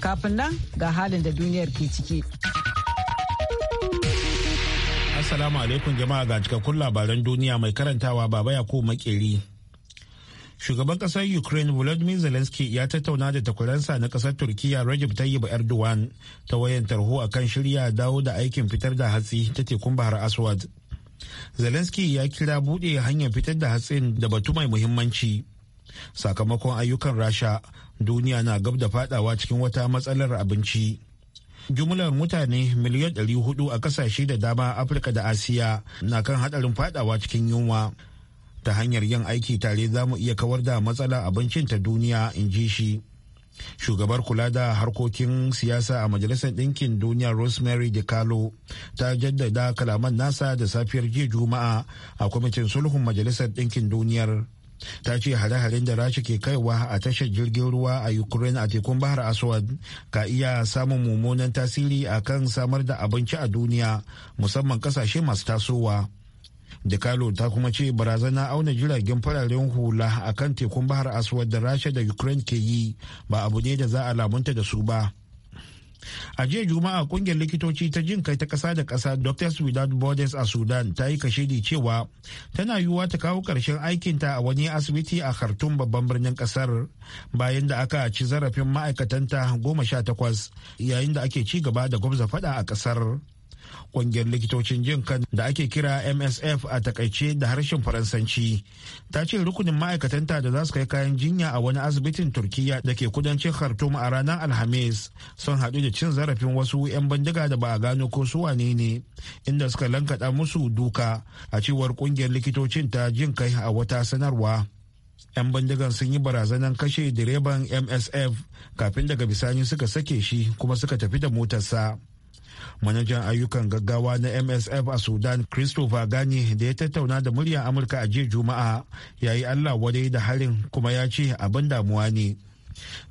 Kafin nan ga halin da duniyar ke ciki. Assalamu alaikum jama'a ga cikakkun labaran duniya mai karantawa baba ya maƙeri. makeri. Shugaban kasar Ukraine Volodymyr Zelensky ya tattauna da takwaransa na kasar Turkiyya Recep Tayyip Erdogan ta wayan tarho a kan shirya dawo da aikin fitar da hatsi ta tekun Bahar Aswad. Zelensky ya kira buɗe hanyar fitar da hatsin da batu mai muhimmanci. sakamakon ayyukan rasha duniya na gab da fadawa cikin wata matsalar abinci jumlar mutane miliyan 400 a kasashe da dama afirka da asiya na kan hadarin fadawa cikin yunwa ta hanyar yin aiki tare za mu iya kawar da matsalar abincin ta duniya in ji shi shugabar kula da harkokin siyasa a majalisar ɗinkin duniya rosemary DiCarlo ta jaddada kalaman nasa da safiyar jiya juma'a a kwamitin sulhun majalisar ɗinkin duniyar ta ce hare-haren da rasha ke kaiwa a tashar jirgin ruwa a ukraine a tekun bahar aswad ka iya samun mummunan tasiri a kan samar da abinci a duniya musamman kasashe masu tasowa Dekalo ta kuma ce barazana auna jiragen fararen hula a kan tekun bahar aswad da rasha da ukraine ke yi ba abu ne da za a lamunta da su ba a jiya juma'a kungiyar likitoci ta jin kai ta kasa da kasa doctors without borders a sudan ta yi kashedi cewa tana yiwuwa ta kawo karshen aikinta a wani asibiti a khartoum babban birnin kasar bayan da aka ci zarafin ma'aikatanta goma sha takwas yayin da ake ci gaba da gwamza fada a kasar Ƙungiyar likitocin jin kan da ake kira MSF a takaice da harshen Faransanci ta ce rukunin ma'aikatanta da za su kai kayan jinya a wani asibitin Turkiyya da ke kudancin Khartoum a ranar Alhamis sun haɗu da cin zarafin wasu 'yan bindiga da ba a gano ko su wane ne inda suka lankaɗa musu duka a cewar ƙungiyar likitocin ta jin kai a wata sanarwa. 'yan bindigan sun yi barazanan kashe direban msf kafin daga bisani suka sake shi kuma suka tafi da motarsa manajan ayyukan gaggawa na msf a sudan christopher gani da ya tattauna da muryar amurka a jiya juma'a ya yi allah wadai da harin kuma ya ce abin damuwa ne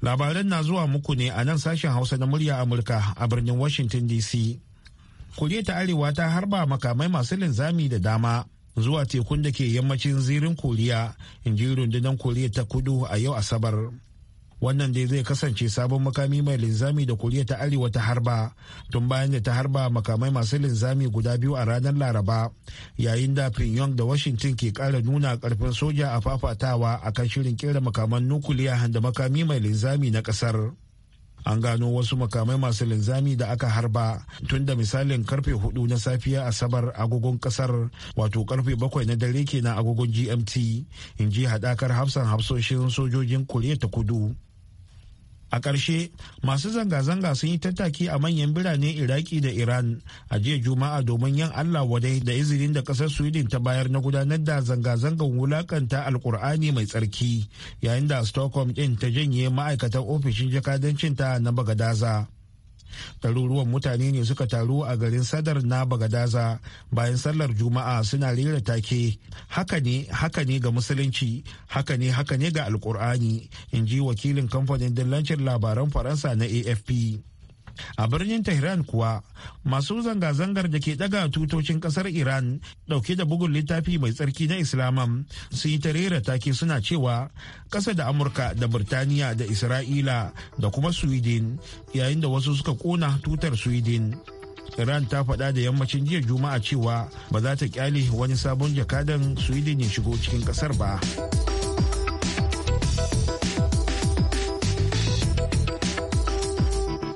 labaran na zuwa muku ne a nan sashen hausa na muryar amurka a birnin washington dc koriya ta arewa ta harba makamai masu linzami da dama zuwa tekun da ke yammacin zirin koriya in ji rundunar koriya ta kudu a yau asabar wannan dai zai kasance sabon makami mai linzami da koriya ta arewa ta harba tun bayan da ta harba makamai masu linzami guda biyu a ranar laraba yayin da pyongyang da washington ke kara nuna karfin soja a fafatawa akan shirin kera makaman nukuliya da makami mai linzami na kasar an gano wasu makamai masu linzami da aka harba tun da misalin karfe hudu na safiya asabar agogon kasar wato karfe bakwai na dare kenan agogon gmt in ji hadakar hafsan hafsoshin sojojin koriya ta kudu a ƙarshe masu zanga-zanga sun yi tattaki a manyan birane iraki da iran a jiya juma'a domin yin allah wadai da izinin da ƙasar sweden ta bayar na gudanar da zanga-zangan wulakanta alkur'ani mai tsarki yayin da stockholm ɗin ta janye ma'aikatan ofishin jakadancinta na bagadaza ɗaruruwan mutane ne suka taru a garin sadar na bagadaza bayan sallar juma'a suna rera take haka ne haka ne ga musulunci haka ne haka ne ga alkur'ani in ji wakilin kamfanin dillancin labaran faransa na afp a birnin tehran kuwa masu zanga-zangar da ke daga tutocin kasar iran dauke da bugun littafi mai tsarki na islamam sun yi tarera take suna cewa kasa da amurka da birtaniya da isra'ila da kuma sweden yayin da wasu suka kona tutar sweden iran ta faɗa da yammacin jiya juma'a cewa ba za ta kyale wani sabon jakadan sweden ya shigo cikin ƙasar ba.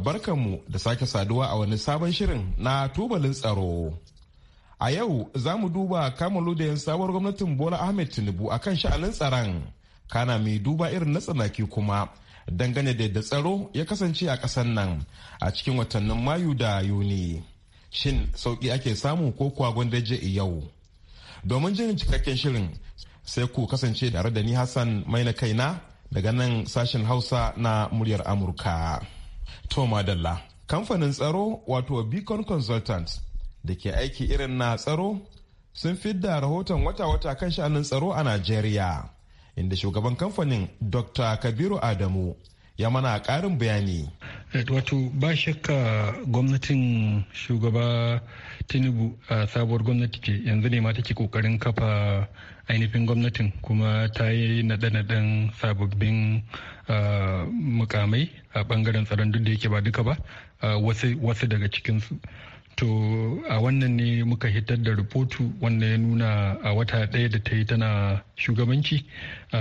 barkanmu da sake saduwa a wani sabon shirin na tubalin tsaro. A yau za mu duba da sabuwar gwamnatin Bola Ahmed Tinubu akan sha'anin tsaron. Kana mai duba irin na tsanaki kuma dangane da yadda tsaro ya kasance a ƙasar nan a cikin watannin Mayu da Yuni. Shin sauƙi ake samu ko kuwa gwandaje yau? Domin jin cikakken shirin sai ku kasance tare da ni Hassan mai na kaina daga nan sashen Hausa na muryar Amurka. Toma Dalla, kamfanin tsaro wato Beacon Consultants da ke aiki irin na tsaro sun fidda rahoton wata-wata kan sha'anin tsaro a Najeriya, inda shugaban kamfanin Dr. Kabiru Adamu ya mana ƙarin bayani. wato ba shakka gwamnatin shugaba tinubu a sabuwar gwamnati ce yanzu ne ma take kokarin kafa ainihin gwamnatin kuma ta yi naɗe-naɗen sababbin mukamai a ɓangaren tsaron duk da yake ba duka ba wasu daga cikinsu to a wannan ne muka hitar da rahoto wanda ya nuna a wata ɗaya da ta yi tana shugabanci a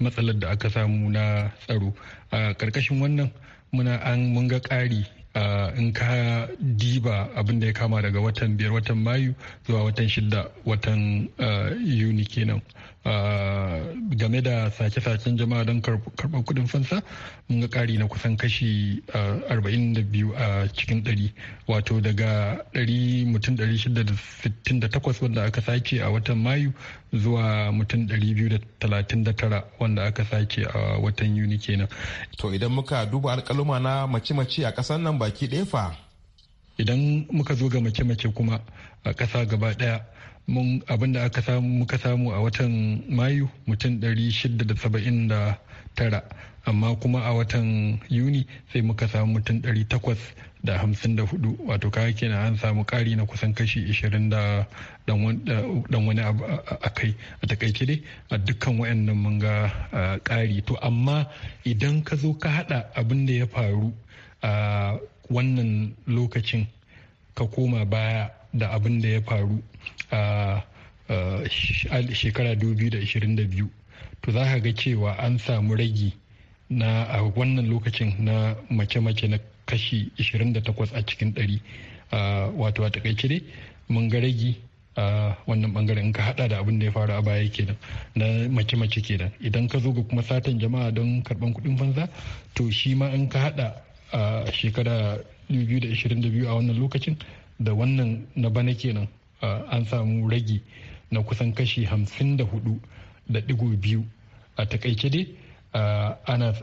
matsalar da aka samu na tsaro a ƙarƙashin wannan muna an mun ga ƙari in ka diba abin da ya kama daga watan biyar watan mayu zuwa watan shida watan yuni kenan game da sace-sacen jama'a don karɓar kuɗin fansa mun ga ƙari na kusan kashi 42 a cikin 100 wato daga 100 mutum 668 wanda aka sace a watan mayu zuwa mutum 239 wanda aka sake a watan yuni kenan. to idan muka duba alkaluma na mace-mace a kasar nan baki ɗaya fa idan muka zo ga mace-mace kuma a kasa gaba ɗaya mun abin aka samu muka samu a watan mayu mutum 679 amma kuma a watan yuni sai muka samu mutum 854 wato kawai kenan an samu kari na kusan kashi 20 da dan wani abu a kai a takaice dai a dukkan wayannan mun ga kari to amma idan ka zo ka hada abin da ya faru a wannan lokacin ka koma baya da abin da ya faru a shekara 2022 to za ka ga cewa an samu ragi na a wannan lokacin na mace-mace na kashi 28 a cikin 100 wato a takaice dai mun ga ragi a wannan bangaren in ka hada da abin da ya faru a baya kenan na mace-mace kenan idan ka zo ga kuma satan jama'a don karban kudin banza to shi ma in ka hada a shekara 2022 a wannan lokacin da wannan na bana kenan an samu ragi na kusan kashi 54 da digo biyu a takaice dai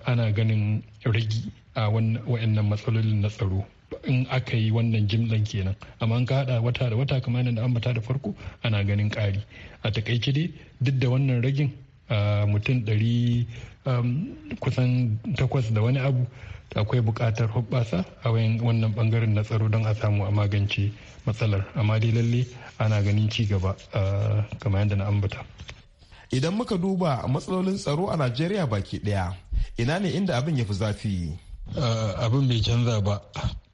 ana ganin ragi a wa'annan matsalolin na tsaro in aka yi wannan jimlan kenan amma an ka hada wata da wata kamar yadda ambata da farko ana ganin ƙari a takaice dai duk da wannan ragin mutum ɗari kusan takwas da wani abu akwai buƙatar hoɓɓasa a wannan ɓangaren na tsaro don a samu a magance matsalar amma dai lalle ana ganin ci gaba kamar yadda na ambata idan muka duba matsalolin tsaro a najeriya baki daya ina ne inda abin ya fi zafi abin bai canza ba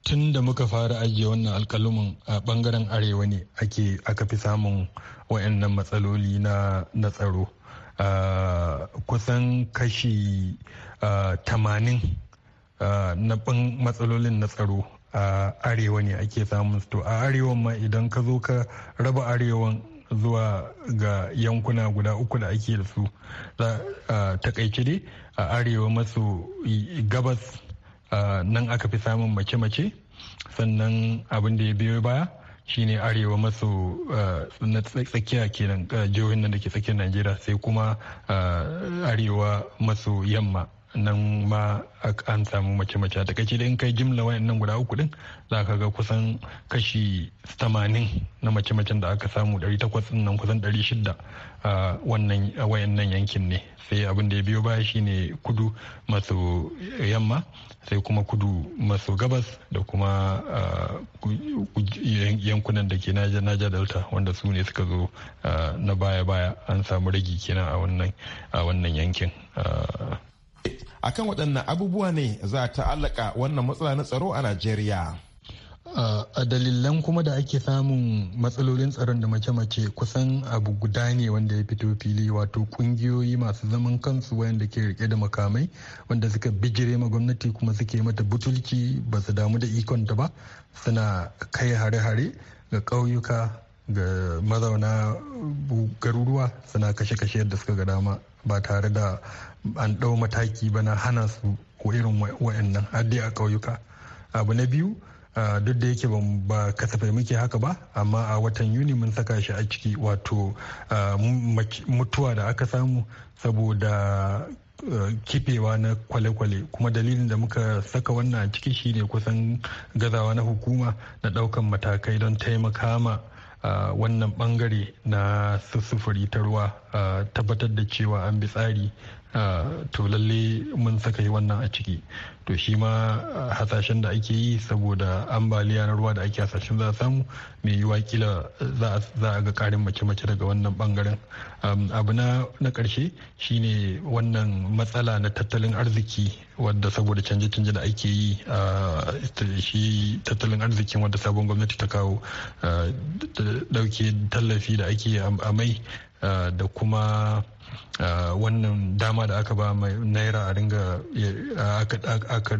tun da muka fara ajiye wannan alkalumin a bangaren arewa ne ake aka fi samun wayannan matsaloli na tsaro kusan kashi tamanin na matsalolin na tsaro a arewa ne ake samun to a arewa ma idan ka zo ka raba arewa. zuwa ga yankuna guda uku da ake da su takaice dai a arewa maso gabas nan aka fi samun mace-mace sannan abin da ya biyo baya shine arewa maso na tsakiya kenan jihohin nan da ke tsakiyar najeriya sai kuma arewa maso yamma nan ma an samu mace-mace a takaice da in kai jimla wayan nan guda uku din za ka ga kusan kashi 80 na mace-macen da aka samu 800 nan kusan 600 a wannan wayan nan yankin ne sai abin da ya biyo baya shine kudu masu yamma sai kuma kudu masu gabas da kuma yankunan da ke naja delta wanda su ne suka zo na baya-baya an samu ragi kenan a wannan yankin akan waɗannan abubuwa ne za ta allaka wannan matsala na tsaro a najeriya a dalilan kuma da ake samun matsalolin tsaron da mace-mace kusan abu guda ne wanda ya fito fili wato kungiyoyi masu zaman kansu wayanda ke rike da makamai wanda suka bijire ma gwamnati kuma suke mata butulki ba su damu da ikonta ba suna kai hare-hare ga ƙauyuka ga mazauna garuruwa suna kashe-kashe yadda suka ga dama ba tare da an ɗau mataki ba na hana su ko irin wa'annan dai a ƙauyuka abu na biyu duk da yake ba kasafai muke haka ba amma a watan yuni mun saka shi a ciki wato mutuwa da aka samu saboda kifewa na kwale-kwale kuma dalilin da muka saka wannan a ciki shine kusan gazawa na hukuma na daukan matakai don taimaka ma wannan bangare na sussufuri ta ruwa tabbatar da cewa an bi tsari to lalle mun saka yi wannan a ciki to shi ma eh, hasashen da ake yi saboda ambaliya na ruwa da ake hasashen za a samu mai yiwuwa kila eh, za a ga karin mace-mace daga wannan bangaren abu na karshe shine wannan matsala na tattalin arziki wadda saboda canje-canje da ake yi eh, shi tattalin arzikin wadda sabon gwamnati ta kawo dauke tallafi da ake a mai da kuma wannan dama da aka ba mai naira a ringa aka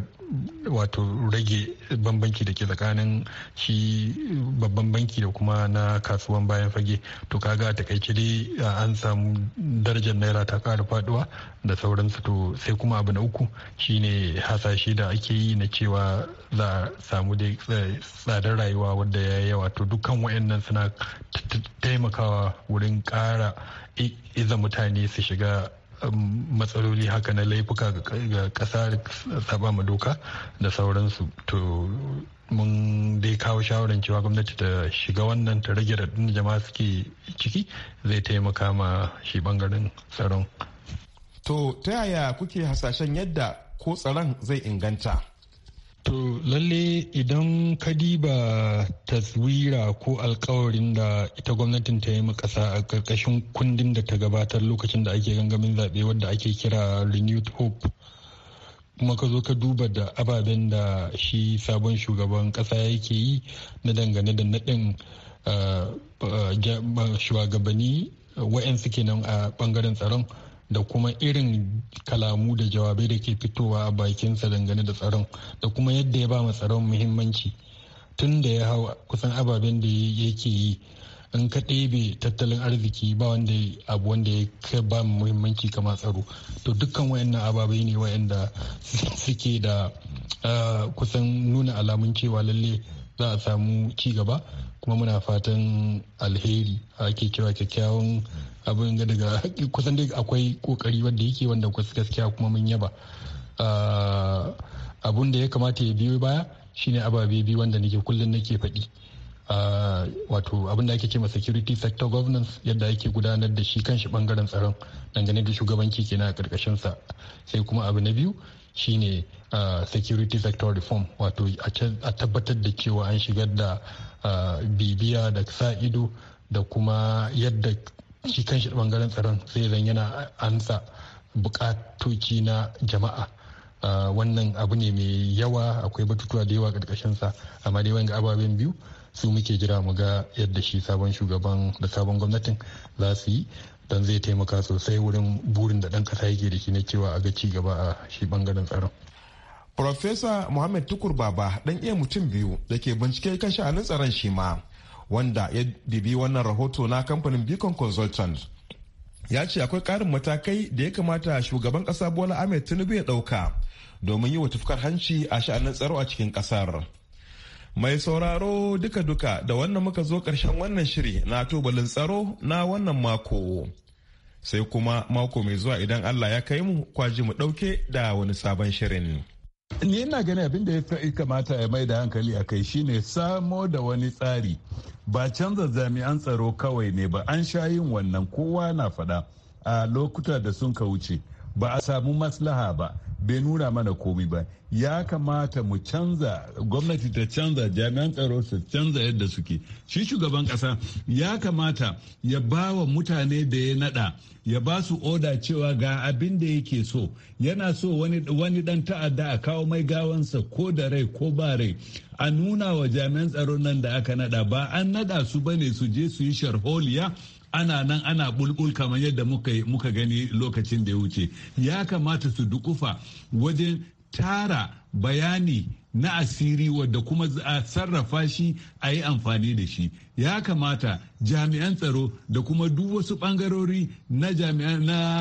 wato rage banbanci da ke tsakanin shi babban banki da kuma na kasuwan bayan fage to kaga a takaice dai an samu darajar naira ta kara faduwa da sauransu to sai kuma abu na uku shine hasashe da ake yi na cewa za a samu dai eh, tsadar rayuwa wadda ya yawa to dukkan wayannan suna taimakawa wurin ƙara iza mutane su shiga Um, matsaloli haka na laifuka ga ƙasa saba ma doka da sauransu to mun dai kawo shawaran cewa gwamnati ta shiga wannan ta rage raɗin jama'a suke ciki zai taimaka ma shi bangaren tsaron. To ta yaya kuke hasashen yadda ko tsaron zai inganta? To lalle idan ka diba taswira ko alkawarin da ita gwamnatin ta yi ƙasa a ƙarƙashin kundin da ta gabatar lokacin da ake gangamin zaɓe wadda ake kira renewed hope kuma ka zo ka duba da ababen da shi sabon shugaban ƙasa yake yi na dangane da naɗin eh, eh, shugabanni wa'yan suke nan a ɓangaren tsaron da kuma irin kalamu da jawabai da ke fitowa a bakinsa dangane da tsaron da kuma yadda ya ba ma tsaron muhimmanci tun da ya hau kusan ababen da yake yi in ka ɗebe tattalin arziki ba wanda abu wanda ya ba mu muhimmanci kama tsaro to dukkan wayannan ababai ne wayanda suke da ah, kusan nuna alamun cewa lalle za a samu ci gaba kuma muna fatan alheri ake cewa kyakkyawan abin ga daga kusan dai akwai kokari wanda yake wanda gaskiya kuma mun yaba ah, abun da ya kamata ya biyo baya shine ababe biyu wanda nake kullum nake faɗi ah, wato abin da ake ce security sector governance yadda ake gudanar da shi kanshi bangaren tsaron dangane da shugabanci kenan a karkashin sa sai kuma abu na biyu shine uh, security sector reform wato a tabbatar da cewa an shigar da uh, bibiya da sa ido da kuma yadda shi kanshi bangaren tsaron sai zan yana ansa bukatoci na jama'a uh, wannan abu ne mai yawa akwai batutuwa da yawa sa amma dai wanga ababen biyu su muke jira mu ga yadda shi sabon shugaban da sabon gwamnatin za su yi don zai taimaka sosai wurin burin da ɗan ƙasa yake da shi na cewa a ga ci gaba a shi bangaren tsaron. Profesa Muhammad Tukur Baba ɗan iya mutum biyu da ke bincike kan sha'anin tsaron shi ma wanda ya dibi wannan rahoto na kamfanin Beacon Consultant. Ya ce akwai ƙarin matakai da ya kamata shugaban ƙasa Bola Ahmed Tinubu ya ɗauka domin yi wa tufkar hanci a sha'anin tsaro a cikin ƙasar. Mai sauraro duka-duka da wannan muka zo karshen wannan shiri na tubalin tsaro na wannan mako. Sai kuma mako mai zuwa idan Allah ya kai mu kwaji mu ɗauke da wani sabon shirin. Ni ina gani abin da ya kamata ya mai da hankali a kai shine samo da wani tsari. Ba canza jami'an tsaro kawai ne ba an sha yin wannan kowa na faɗa a lokuta da sun ka wuce ba a samu maslaha ba. bai nuna mana komi ba ya kamata mu canza gwamnati ta canza jami'an tsaro su canza yadda suke shi shugaban kasa ya kamata ya ba wa mutane da ya nada ya ba su oda cewa ga abin da yake so yana so wani, wani dan ta'adda a kawo mai gawansa ko da rai ko ba rai a nuna wa jami'an tsaron nan da aka nada ba an nada su bane su je su yi sharholiya ana nan ana bulbul kamar yadda muka gani lokacin da ya wuce ya kamata su dukufa wajen tara bayani na asiri wadda kuma a sarrafa shi a yi amfani da shi ya kamata jami'an tsaro da kuma duk wasu bangarori na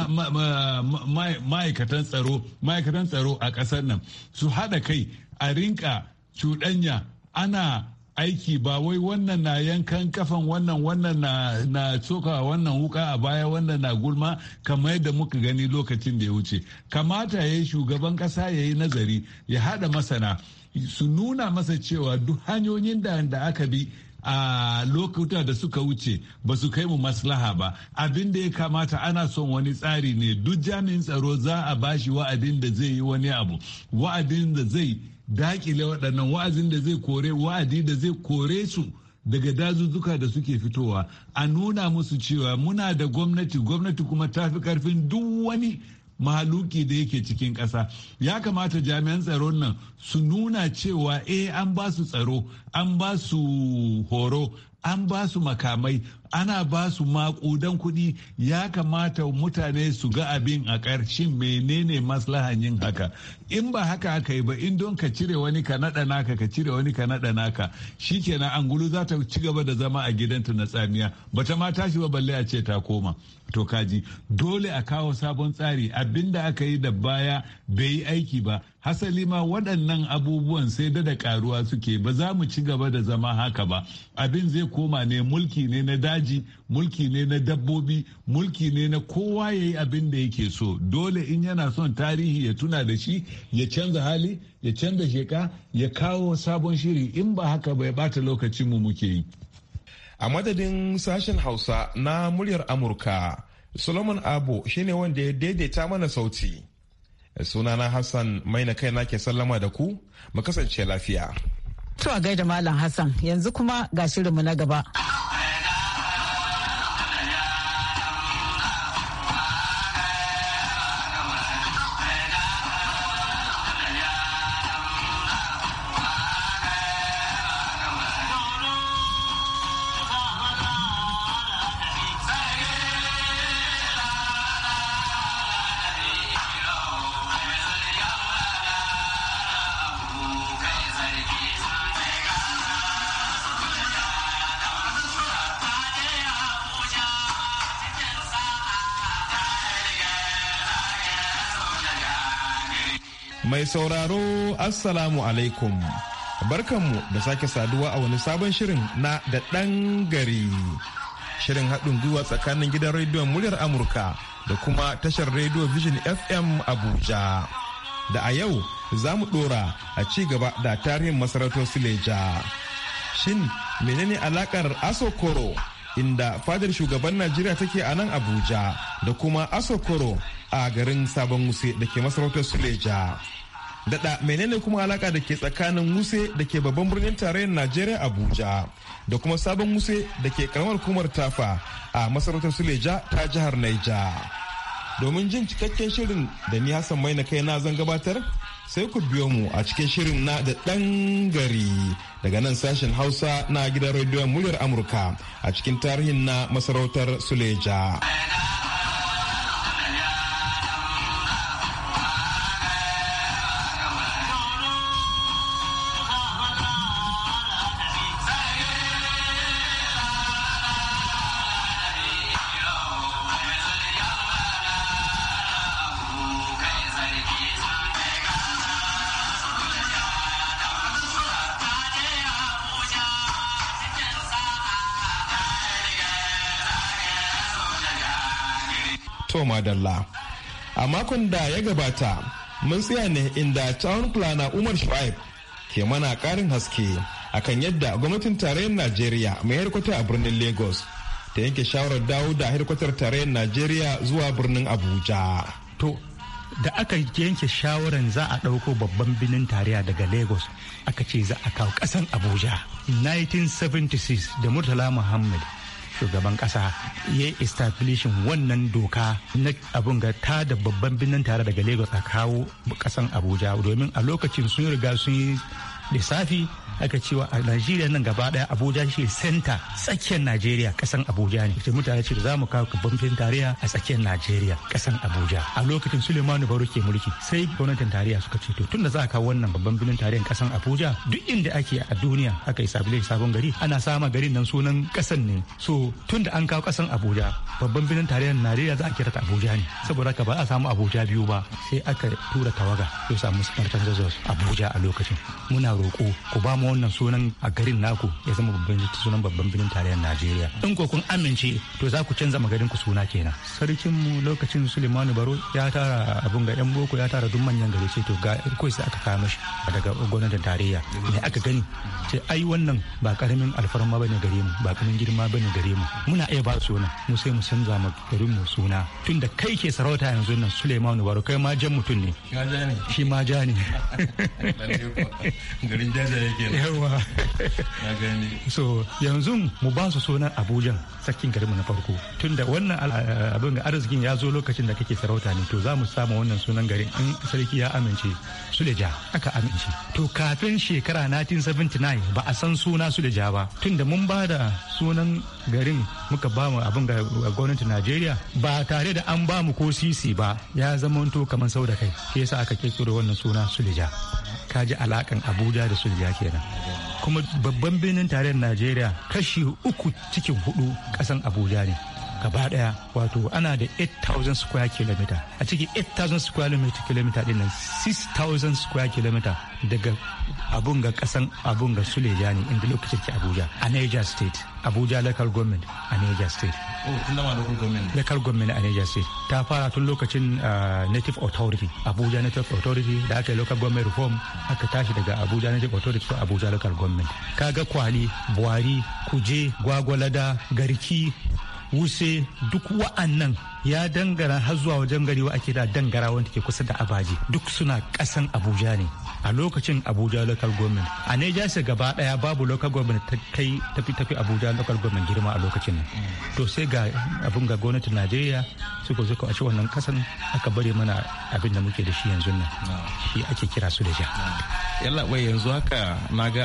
ma'aikatan tsaro ma'aikatan tsaro a ƙasar nan su haɗa kai a rinka cuɗanya ana aiki ba wai wannan na yankan kafan wannan wannan na, na tsoka wannan wuka a baya wannan na gulma kamar yadda muka gani lokacin da ya wuce kamata ya yi shugaban ƙasa ya yi nazari ya haɗa masana su nuna masa cewa duk hanyoyin da, da aka bi a lokuta da suka wuce ba su kai mu maslaha ba abin da ya kamata ana son wani tsari ne duk jami'in tsaro za a bashi wa'adin da zai yi wani abu wa'adin da zai dakile waɗannan wa'azin da zai kore wa'adi da zai kore su daga dazuzzuka da suke fitowa a nuna musu cewa muna da gwamnati gwamnati kuma ta fi karfin duk wani mahaluki da yake cikin ƙasa ya kamata jami'an tsaron nan su nuna cewa eh an ba su tsaro an ba su horo an ba su makamai ana ba su makudan kudi ya kamata mutane su ga abin a ƙarshen menene maslahan yin haka in ba haka aka yi ba in don ka cire wani ka naɗa naka ka cire wani ka naɗa naka shikenan angulu za ta ci gaba da zama a gidanta na tsamiya ba ta ma tashi ba balle a ce ta koma to kaji dole a kawo sabon tsari abinda aka yi da baya bai yi aiki ba hasali ma waɗannan abubuwan sai da da karuwa suke ba za mu ci gaba da zama haka ba abin zai koma ne mulki ne na daji daji mulki ne na dabbobi mulki ne na kowa ya yi abin da yake so dole in yana son tarihi ya tuna da shi ya canza hali ya canza sheka ya kawo sabon shiri in ba haka bai bata lokacin mu muke yi a madadin sashen hausa na muryar amurka solomon abu shine wanda ya daidaita mana sauti sunana hassan mai na kai nake ke sallama da ku mu kasance lafiya to a gaida malam hassan yanzu kuma ga shirinmu na gaba Mai sauraro Assalamu alaikum. Barkanmu da sake saduwa a wani sabon shirin na da ɗan gari. Shirin haɗin gwiwa tsakanin gidan rediyon muryar Amurka da kuma tashar rediyo Vision FM Abuja. Da a yau za mu ɗora a ci gaba da tarihin masarautar Sileja. Shin menene alakar Asokoro inda fadar shugaban Najeriya take a nan Abuja da kuma Asokoro a garin sabon wuse da ke masarautar suleja Dada menene kuma alaka da ke tsakanin Wuse da ke babban birnin tarayyar Najeriya Abuja da kuma sabon Wuse da ke karamar kumar Tafa a masarautar Suleja ta jihar Naija. Domin jin cikakken shirin da ni Hassan Mai na kai na zan gabatar sai ku biyo mu a cikin shirin na da ɗan gari daga nan sashen Hausa na gidan rediyon muryar Amurka a cikin tarihin na masarautar Suleja. a makon da ya gabata mun tsaya ne inda town planner umar shu'aib ke mana karin haske akan yadda gwamnatin tarayyar najeriya mai harkwata a birnin lagos ta yanke shawarar dawo da harkwatar tarayyar najeriya zuwa birnin abuja to da aka yanke shawarar za a ɗauko babban binin tarayya daga lagos aka ce za a kawo ƙasan abuja 1976 da murtala muhammad shugaban kasa ya establishin wannan doka na abun ga ta da babban birnin tare daga lagos a kawo kasan abuja domin a lokacin sun riga sun yi lissafi aka cewa a Najeriya nan gaba daya Abuja shi senta tsakiyar Najeriya kasan Abuja ne. Ita mutane ce da mu kawo babban tarayya a tsakiyar Najeriya kasan Abuja. A lokacin Suleimanu Baro ke mulki sai gwamnatin tarayya suka ce to tunda za a kawo wannan babban birnin tarayyar kasan Abuja duk inda ake a duniya aka isa sabulin sabon gari ana sama garin nan sunan kasan ne. So tunda an kawo kasan Abuja babban birnin tarayyar Najeriya za a kira ta Abuja ne saboda ka ba a samu Abuja biyu ba sai aka tura tawaga to samu sanar Abuja a lokacin. Muna roƙo ku ba mu wannan sunan a garin naku ya zama babban sunan babban birnin tarayyar Najeriya in ko kun amince to za ku canza magarin ku suna kenan sarkin mu lokacin sulemanu Baro ya tara abun ga yan boko ya tara duk manyan gari ce to ga koi sai aka kawo mashi daga gwamnatin tarayya ne aka gani ce ai wannan ba karamin alfarma bane gare mu ba karamin girma bane gare mu muna iya ba suna mu sai mu canza magarin mu suna tunda kai ke sarauta yanzu nan Sulemanu Baro kai ma jan mutum ne shi ma ja ne garin jajaye ke yawa na gani so yanzu mu ba su sunan abuja sakin garinmu na farko tunda wannan abin arzikin ya zo lokacin da kake sarauta ne to za mu samu wannan sunan garin in sarki ya amince suleja aka amince to kafin shekara 1979 ba a san suna suleja ba tunda mun ba da sunan garin muka ba mu abin ga gwamnatin najeriya ba tare da an ba mu ko sisi ba ya zamanto kamar sau da kai shi yasa aka kirkiro wannan suna suleja ka ji alakan abuja da sunja kenan kuma babban birnin tarayyar najeriya kashi uku cikin hudu kasan abuja ne gaba daya wato ana da 8000 square kilometer a ciki 8000 square kilometer din nan 6000 square kilometer daga abun ga kasan abun ga suleja ne inda lokacin ke abuja a niger state abuja local government a niger state oh, local government a niger state ta fara tun lokacin ah, native authority abuja native authority da aka yi local government reform aka tashi daga abuja native authority to abuja local government kaga kwali buwari kuje gwagwalada garki wuse duk wa'annan ya dangara har zuwa wajen gari wa ake da dangara wanda ke kusa da abaji duk suna kasan abuja ne a lokacin abuja local government a ja shi gaba daya babu local government ta kai tafi tafi abuja local government girma a lokacin nan to sai ga abin ga gwamnatin najeriya suka zo a ci wannan kasan aka bari mana abin da muke da shi yanzu nan shi ake kira su da ja yalla bai yanzu haka na ga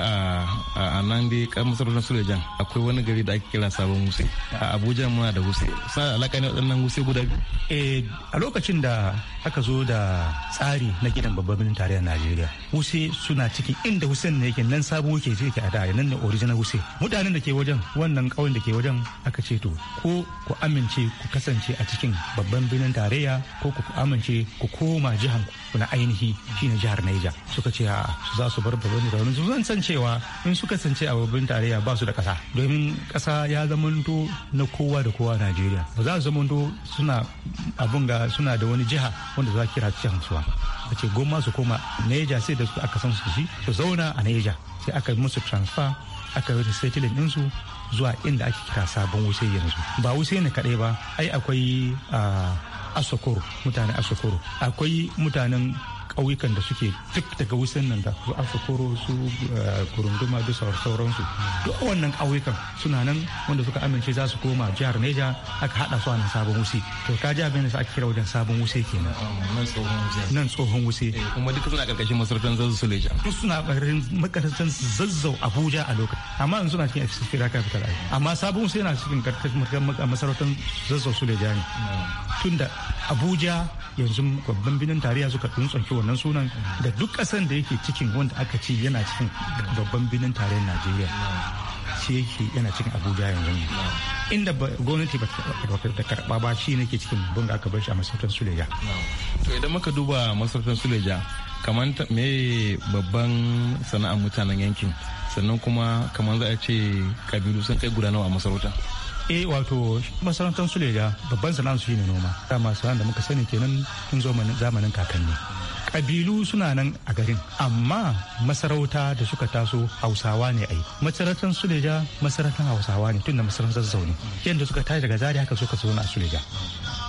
a nan dai kan masarautar sulejan akwai wani gari da ake kira sabon wuse a abuja muna da wuse sa alaka ne waɗannan wuse guda eh, a lokacin da aka zo da tsari na gidan babban birnin tarayyar najeriya wuse suna ciki inda husen ne yake nan sabo ke je ke a da nan ne original wuse mutanen da ke wajen wannan kauyen da ke wajen aka ce to ko ku amince ku kasance a cikin babban birnin tarayya ko ku amince ku koma jihan ku na ainihi shine jihar Niger suka ce su za su bar babban da wani zan san cewa in suka sance a babban tarayya ba su da kasa domin kasa ya zamanto na kowa da kowa Najeriya ba za su zamanto suna abun ga suna da wani jiha wanda za kira ta hamsuwa a ce goma su koma Niger sai da aka san su shi su zauna a Niger sai aka musu transfer aka yi resettling ɗinsu zuwa inda ake kira sabon wuce yanzu ba wuce ne kaɗai ba ai akwai ah, asokoro mutanen asokoro akwai mutanen ƙauyukan da suke duk daga wusan nan da su koro su eh, kurunduma da sauransu duk wannan ƙauyukan suna nan wanda suka amince za su koma jihar neja aka haɗa su a nan sabon wuse to ka ji abin da ake kira wajen sabon wuse kenan nan tsohon wuse eh, kuma duka suna ƙarƙashin masarautar zazzau suleja duk suna ƙarƙashin makarantar zazzau abuja a lokacin amma yanzu suna cikin fitar capital amma sabon wuse yana cikin ƙarƙashin masarautar zazzau leja ne tunda abuja yanzu babban binin tarayya suka tsuntsunki wannan sunan da duk ƙasan da yake cikin wanda aka ce yana cikin babban binin tarayyar najeriya shi yake yana cikin abuja yanzu inda gwamnati ba ta karba ba shi nake cikin da aka bar shi a masarautar suleja to idan muka duba masarautar suleja kamar me babban sana'ar mutanen yankin sannan kuma kamar za a ce kabilu sun kai guda nawa a masarauta eh wato masarautar suleja babban sana'ar su ne noma dama sana'ar da muka sani kenan tun zamanin kakanni kabilu suna nan a garin amma masarauta da suka taso hausawa ne ai masarautar suleja masarautar hausawa ne tun da masarautar zaune yadda suka tashi daga zari haka suka zauna a suleja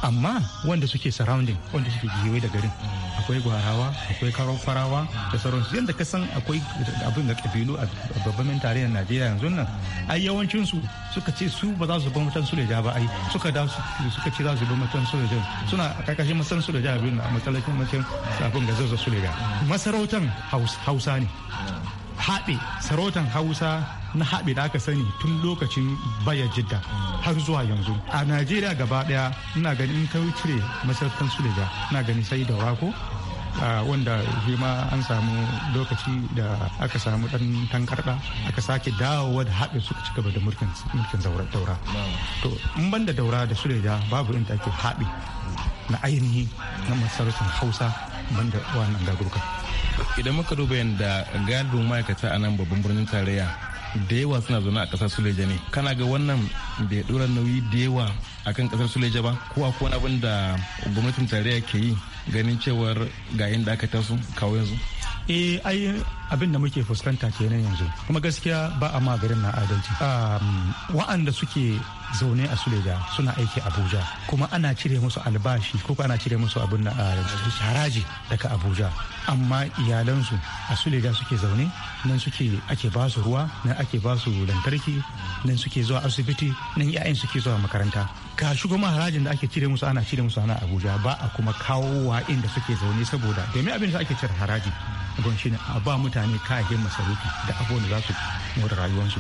amma wanda suke surrounding wanda suke kewaye da garin akwai gwarawa akwai karon farawa da su yadda ka san akwai abin da kabilu a babban tarayyar najeriya yanzu nan ai yawancin su suka ce su ba za su bar mutan suleja ba ai suka da suka ce za su bar mutan suleja suna a karkashin mutan suleja abin a matsalacin mutan abin ga zazzar suleja masarautan hausa ne haɓe sarautan hausa na haɓe da aka sani tun lokacin baya jidda har zuwa yanzu a najeriya gaba daya ina gani in kai cire masarautar suleja ina gani sai da wako wanda shi ma an samu lokaci da aka samu dan tankarɗa aka sake dawowa da haɗe suka ci gaba da mulkin daura to in ban da daura da suleja babu inda ake haɗe na ainihi na masarautar hausa ban da wannan gagurka idan muka duba yadda gadon ma'aikata a nan babban birnin tarayya da yawa suna zaune a kasar suleja ne kana ga wannan bai dora nauyi da yawa a kan kasar suleja ba ko a wani abin da gwamnatin tarayya ke yi ganin cewar ga inda aka taso kawo yanzu eh ai abin da muke fuskanta kenan yanzu kuma gaskiya ba a magarin na adalci um, wa'anda suke zaune a suleja suna aiki abuja kuma ana cire musu albashi ko ana cire musu abin na ah, haraji daga abuja amma iyalansu a suleja suke zaune nan suke ake ba su ruwa nan ake ba su lantarki nan suke zuwa asibiti nan 'ya'yan suke zuwa makaranta Gashu shugaban ma harajin da ake cire musu ana cire musu ana abuja ba a kuma kawo wa inda suke zaune saboda domin abin da ake cire haraji don shi ne a ba mutane kayayyakin masarufi da abubuwan da za su more rayuwarsu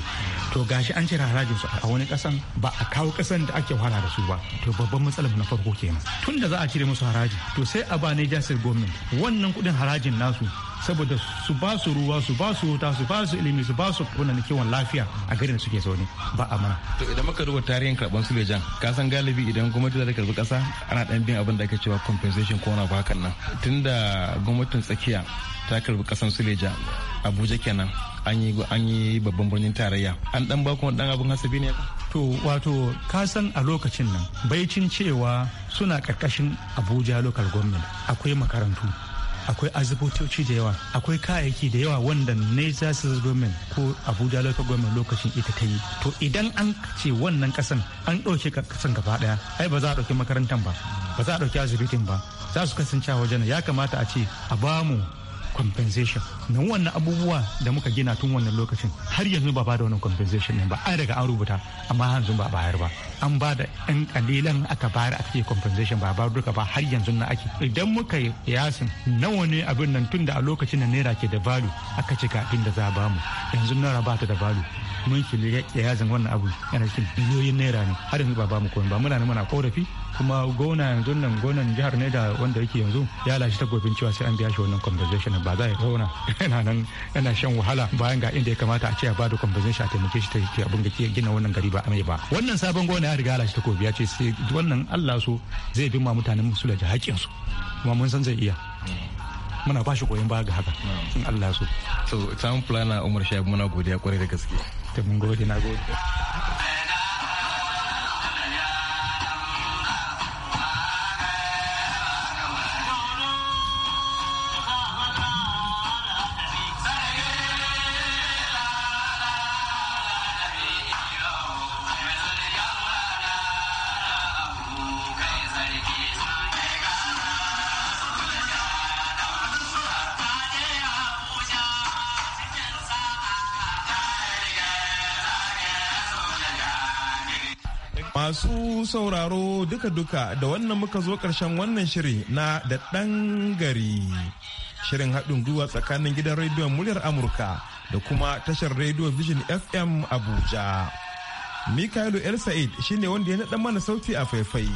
to gashi an cire harajin su a wani kasan ba a kawo kasan da ake wahala da su ba to babban matsalar na farko kenan tun da za a cire musu haraji to sai a ba ne jasir government wannan kudin harajin nasu saboda su ba su ruwa su ba su wuta su ba su ilimi su ba su kuna na kiwon lafiya a garin suke zaune ba a mana. to idan muka duba tarihin karban sulejan ka san galibi idan gwamnati ta karbi kasa ana dan bin abin da ake cewa compensation ko na ba hakan nan tunda gwamnatin tsakiya ta karbi kasan suleja abuja kenan an yi an yi babban birnin tarayya an dan ba kuma dan abun hasabi ne to wato ka san a lokacin nan baicin cewa suna karkashin abuja local government akwai makarantu akwai azubutoci da yawa akwai kayayyaki da yawa wanda ne za su government ko abuja local government lokacin ita ta yi to idan an ce wannan kasan an ɗauke kasan gaba ɗaya ai ba za a ɗauki makarantar ba ba za a ɗauki asibitin ba za su kasance a wajen ya kamata a ce a bamu compensation na wannan abubuwa da muka gina tun wannan lokacin har yanzu ba ba da wannan compensation ɗin ba an daga an rubuta amma yanzu ba bayar ba an ba da ɗan kalilan aka bayar a cikin compensation ba bayar duka ba har yanzu na ake idan muka yi yasin nawa ne abin nan tun da a lokacin da naira ke da value aka cika abin da za a bamu yanzu naira ba ta da value mun shirya kiyazin wannan abu yana cikin biliyoyin naira ne har yanzu ba ba mu komai ba muna muna korafi kuma gona yanzu nan gonan jihar ne da wanda yake yanzu ya lashe takobin cewa sai an biya shi wannan compensation ba za ya zauna yana nan yana shan wahala bayan ga inda ya kamata a ce a ba da compensation a taimake shi ta abin da ke gina wannan gari ba amai ba wannan sabon gona ya riga lashe takobi ya ce sai wannan Allah so zai bi ma mutanen su da haƙƙin su kuma mun san zai iya muna ba shi koyon baya ga haka in Allah so so town planner Umar Shaibu muna godiya kwarai da gaske mun gode na gode Masu sauraro duka-duka da wannan muka zo ƙarshen wannan shiri na da ɗan gari. Shirin haɗin gwiwa tsakanin gidan rediyon muryar Amurka da kuma tashar rediyo Vision FM Abuja. Mikaelu El Said shine wanda ya naɗa mana sauti a faifai.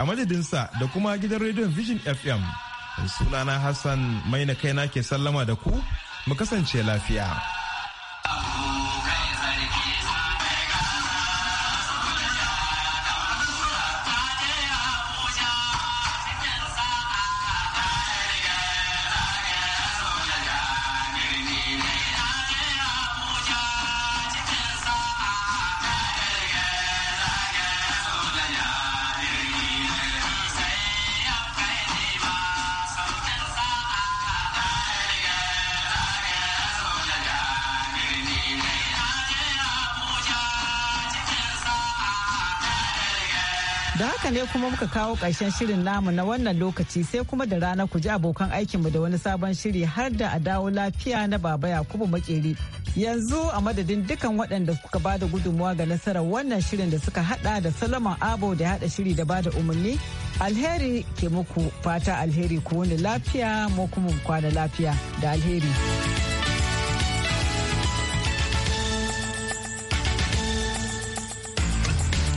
A madadinsa da kuma gidan rediyon Vision FM. Sunana Hassan mai na kaina ke sallama da ku, mu kasance lafiya. haka ne kuma muka kawo ƙarshen shirin namu na wannan lokaci sai kuma da rana ku ji abokan aikinmu da wani sabon shiri har da a dawo lafiya na baba yakubu makeri yanzu a madadin dukan waɗanda kuka ba da gudunmuwa ga nasarar wannan shirin da suka hada da salomon abo da hada shiri da bada da umarni alheri ke muku fata alheri ku wani lafiya mu kuma kwana lafiya da alheri.